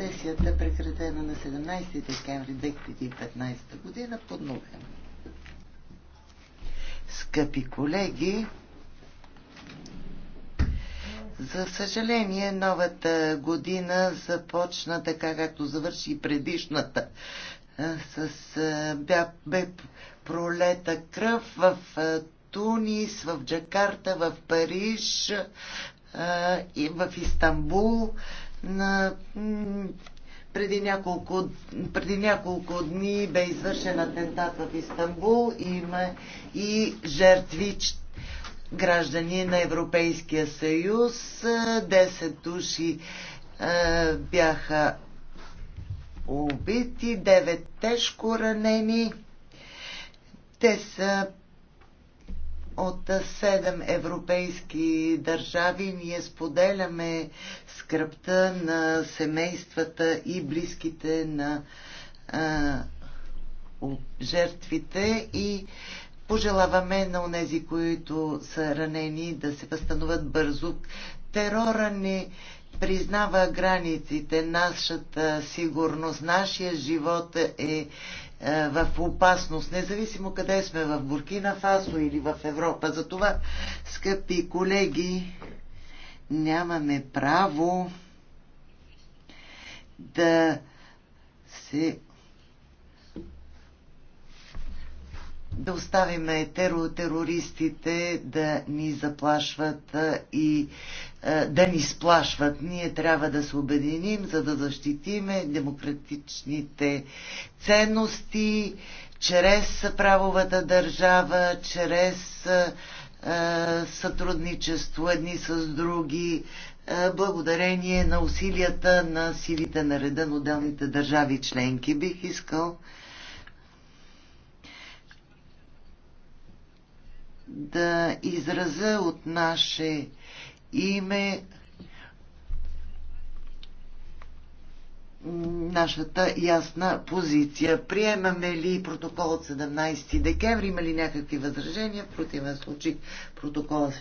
сесията, прекратена на 17 декември 2015 година, подновена. Скъпи колеги, за съжаление, новата година започна така, както завърши предишната. С, бя, бе пролета кръв в Тунис, в Джакарта, в Париж, и в Истанбул на преди няколко, преди няколко дни бе извършен атентат в Истанбул и има и жертви граждани на Европейския съюз. 10 души е, бяха убити, 9 тежко ранени. Те са от седем европейски държави ние споделяме скръпта на семействата и близките на а, жертвите и пожелаваме на онези, които са ранени, да се възстановят бързо. Терора не признава границите, нашата сигурност, нашия живот е, е в опасност, независимо къде сме, в Буркина Фасо или в Европа. Затова, скъпи колеги, нямаме право да се да оставиме теро, терористите да ни заплашват и да ни сплашват. Ние трябва да се обединим, за да защитиме демократичните ценности чрез правовата държава, чрез сътрудничество едни с други, благодарение на усилията на силите на реда на отделните държави членки. Бих искал да израза от наше име нашата ясна позиция. Приемаме ли протокол от 17 декември? Има ли някакви възражения? В противен случай протокола се